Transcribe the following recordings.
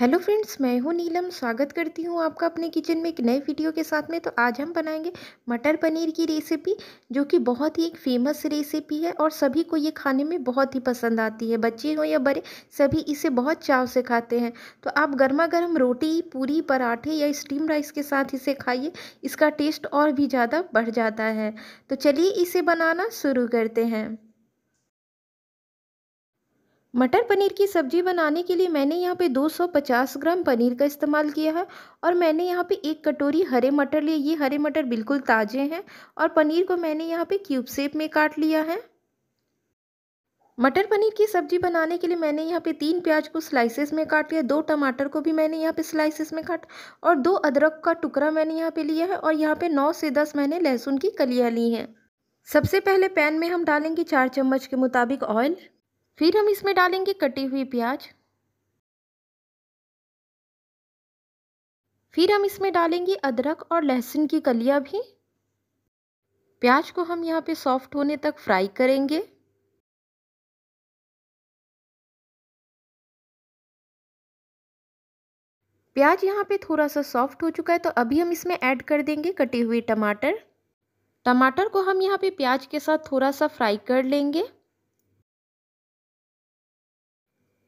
hello friends मैं हूं नीलम स्वागत करती हूं आपका अपने किचन में एक नए वीडियो के साथ में तो आज हम बनाएंगे मटर पनीर की रेसिपी जो कि बहुत ही एक फेमस रेसिपी है और सभी को ये खाने में बहुत ही पसंद आती है बच्चे हो या बड़े सभी इसे बहुत चाव से खाते हैं तो आप गर्मा गर्म रोटी पूरी पराठे या स्टीम राइस के साथ इसे खाइए इसका टेस्ट और भी ज़्यादा बढ़ जाता है तो चलिए इसे बनाना शुरू करते हैं मटर पनीर की सब्ज़ी बनाने के लिए मैंने यहाँ पे 250 ग्राम पनीर का इस्तेमाल किया है और मैंने यहाँ पे एक कटोरी हरे मटर लिए ये हरे मटर बिल्कुल ताज़े हैं और पनीर को मैंने यहाँ पे क्यूब सेप में काट लिया है मटर पनीर की सब्ज़ी बनाने के लिए मैंने यहाँ पे तीन प्याज को स्लाइसेस में काट लिया दो टमाटर को भी मैंने यहाँ पे स्लाइसेस में काट और दो अदरक का टुकड़ा मैंने यहाँ पे लिया है और यहाँ पे नौ से दस मैंने लहसुन की कलियाँ ली हैं सबसे पहले पैन में हम डालेंगे चार चम्मच के मुताबिक ऑयल फिर हम इसमें डालेंगे कटी हुई प्याज फिर हम इसमें डालेंगे अदरक और लहसुन की कलिया भी प्याज को हम यहाँ पे सॉफ्ट होने तक फ्राई करेंगे प्याज यहाँ पे थोड़ा सा सॉफ्ट हो चुका है तो अभी हम इसमें ऐड कर देंगे कटे हुए टमाटर टमाटर को हम यहाँ पे प्याज के साथ थोड़ा सा फ्राई कर लेंगे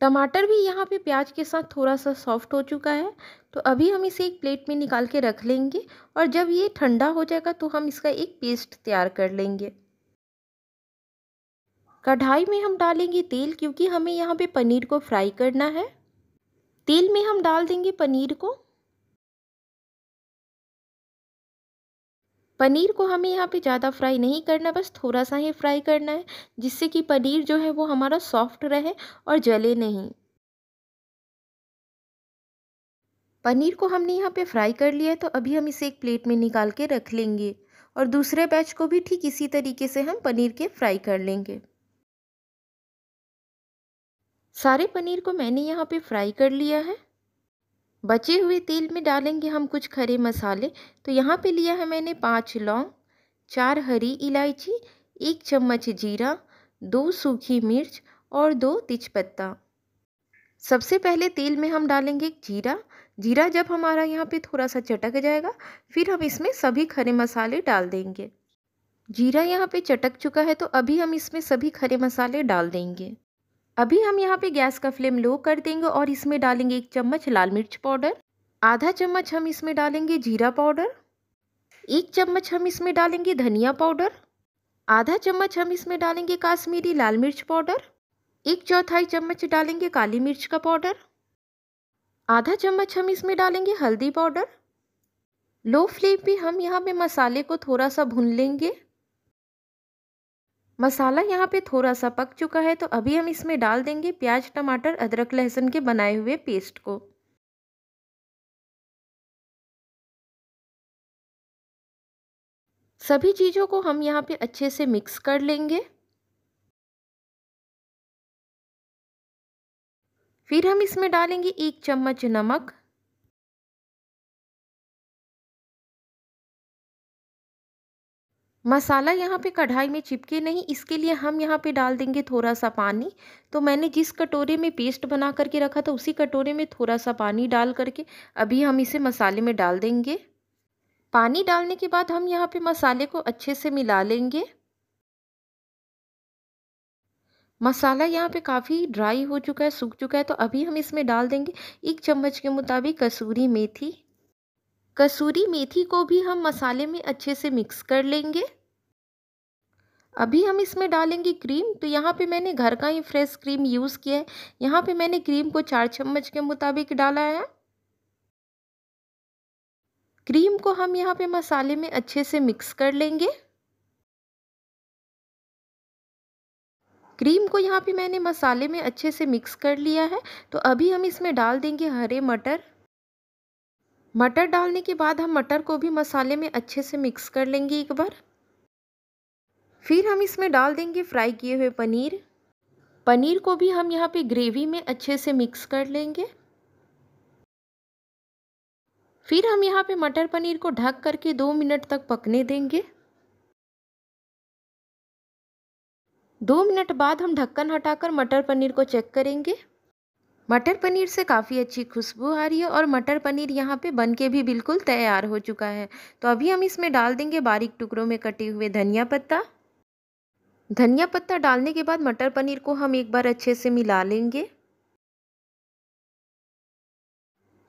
टमाटर भी यहाँ पे प्याज के साथ थोड़ा सा सॉफ्ट हो चुका है तो अभी हम इसे एक प्लेट में निकाल के रख लेंगे और जब ये ठंडा हो जाएगा तो हम इसका एक पेस्ट तैयार कर लेंगे कढ़ाई में हम डालेंगे तेल क्योंकि हमें यहाँ पे पनीर को फ्राई करना है तेल में हम डाल देंगे पनीर को पनीर को हमें यहाँ पे ज़्यादा फ्राई नहीं करना बस थोड़ा सा ही फ्राई करना है जिससे कि पनीर जो है वो हमारा सॉफ्ट रहे और जले नहीं पनीर को हमने यहाँ पे फ्राई कर लिया है तो अभी हम इसे एक प्लेट में निकाल के रख लेंगे और दूसरे बैच को भी ठीक इसी तरीके से हम पनीर के फ्राई कर लेंगे सारे पनीर को मैंने यहाँ पे फ्राई कर लिया है बचे हुए तेल में डालेंगे हम कुछ खरे मसाले तो यहाँ पे लिया है मैंने पाँच लौंग चार हरी इलायची एक चम्मच जीरा दो सूखी मिर्च और दो तिजपत्ता सबसे पहले तेल में हम डालेंगे जीरा जीरा जब हमारा यहाँ पे थोड़ा सा चटक जाएगा फिर हम इसमें सभी खरे मसाले डाल देंगे जीरा यहाँ पे चटक चुका है तो अभी हम इसमें सभी खरे मसाले डाल देंगे अभी हम यहाँ पे गैस का फ्लेम लो कर देंगे और इसमें डालेंगे एक चम्मच लाल मिर्च पाउडर आधा चम्मच हम इसमें डालेंगे जीरा पाउडर एक चम्मच हम इसमें डालेंगे धनिया पाउडर आधा चम्मच हम इसमें डालेंगे काश्मीरी लाल मिर्च पाउडर एक चौथाई चम्मच डालेंगे काली मिर्च का पाउडर आधा चम्मच हम इसमें डालेंगे हल्दी पाउडर लो फ्लेम पे हम यहाँ पे मसाले को थोड़ा सा भून लेंगे मसाला यहाँ पे थोड़ा सा पक चुका है तो अभी हम इसमें डाल देंगे प्याज टमाटर अदरक लहसुन के बनाए हुए पेस्ट को सभी चीज़ों को हम यहाँ पे अच्छे से मिक्स कर लेंगे फिर हम इसमें डालेंगे एक चम्मच नमक मसाला यहाँ पे कढ़ाई में चिपके नहीं इसके लिए हम यहाँ पे डाल देंगे थोड़ा सा पानी तो मैंने जिस कटोरे में पेस्ट बना करके रखा था उसी कटोरे में थोड़ा सा पानी डाल करके अभी हम इसे मसाले में डाल देंगे पानी डालने के बाद हम यहाँ पे मसाले को अच्छे से मिला लेंगे मसाला यहाँ पे काफ़ी ड्राई हो चुका है सूख चुका है तो अभी हम इसमें डाल देंगे एक चम्मच के मुताबिक कसूरी मेथी कसूरी मेथी को भी हम मसाले में अच्छे से मिक्स कर लेंगे अभी हम इसमें डालेंगे क्रीम तो यहाँ पे मैंने घर का ही फ्रेश क्रीम यूज़ किया है यहाँ पे मैंने क्रीम को चार चम्मच के मुताबिक डाला है क्रीम को हम यहाँ पे मसाले में अच्छे से मिक्स कर लेंगे क्रीम को यहाँ पे मैंने मसाले में अच्छे से मिक्स कर लिया है तो अभी हम इसमें डाल देंगे हरे मटर मटर डालने के बाद हम मटर को भी मसाले में अच्छे से मिक्स कर लेंगे एक बार फिर हम इसमें डाल देंगे फ्राई किए हुए पनीर पनीर को भी हम यहाँ पे ग्रेवी में अच्छे से मिक्स कर लेंगे फिर हम यहाँ पे मटर पनीर को ढक करके दो मिनट तक पकने देंगे दो मिनट बाद हम ढक्कन हटाकर मटर पनीर को चेक करेंगे मटर पनीर से काफ़ी अच्छी खुशबू आ रही है और मटर पनीर यहाँ पे बन के भी बिल्कुल तैयार हो चुका है तो अभी हम इसमें डाल देंगे बारीक टुकड़ों में कटे हुए धनिया पत्ता धनिया पत्ता डालने के बाद मटर पनीर को हम एक बार अच्छे से मिला लेंगे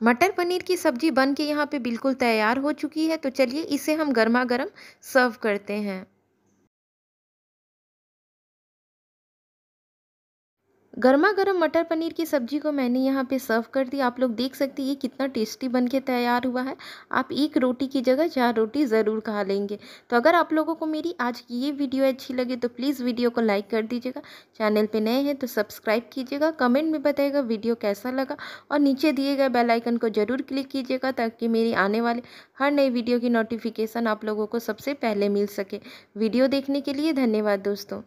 मटर पनीर की सब्ज़ी बन के यहाँ पे बिल्कुल तैयार हो चुकी है तो चलिए इसे हम गर्मा गर्म सर्व करते हैं गर्मा गर्म मटर पनीर की सब्ज़ी को मैंने यहाँ पे सर्व कर दी आप लोग देख सकते हैं ये कितना टेस्टी बन के तैयार हुआ है आप एक रोटी की जगह चार रोटी ज़रूर खा लेंगे तो अगर आप लोगों को मेरी आज की ये वीडियो अच्छी लगे तो प्लीज़ वीडियो को लाइक कर दीजिएगा चैनल पे नए हैं तो सब्सक्राइब कीजिएगा कमेंट में बताइएगा वीडियो कैसा लगा और नीचे दिए गए बेलाइकन को ज़रूर क्लिक कीजिएगा ताकि मेरी आने वाले हर नई वीडियो की नोटिफिकेशन आप लोगों को सबसे पहले मिल सके वीडियो देखने के लिए धन्यवाद दोस्तों